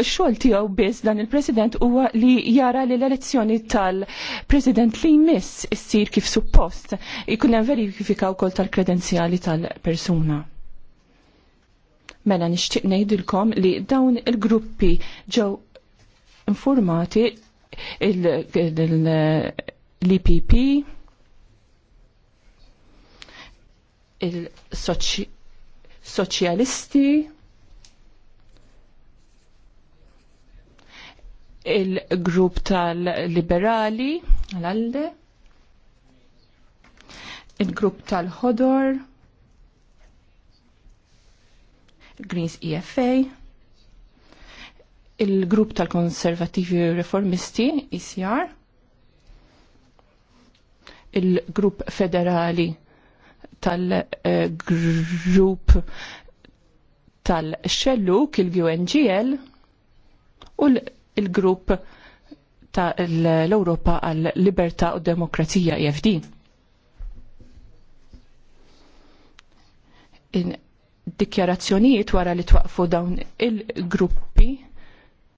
Xol tiegħu biss dan il-President huwa li jara li l-elezzjoni tal-President li jmiss issir kif suppost ikun hemm verifika wkoll tal-kredenzjali tal-persuna. Mela nixtieq ngħidilkom li dawn il-gruppi ġew informati l-IPP il-soċjalisti il il-grupp tal-liberali, l-alde, il-grupp tal-ħodor, il-Greens EFA, il-grupp tal-konservativi reformisti, ICR, e il-grupp federali tal-grupp tal xellu il-UNGL, u l il-grupp ta' l-Europa għal libertà u demokrazija EFD. In dikjarazzjonijiet wara li twaqfu dawn il-gruppi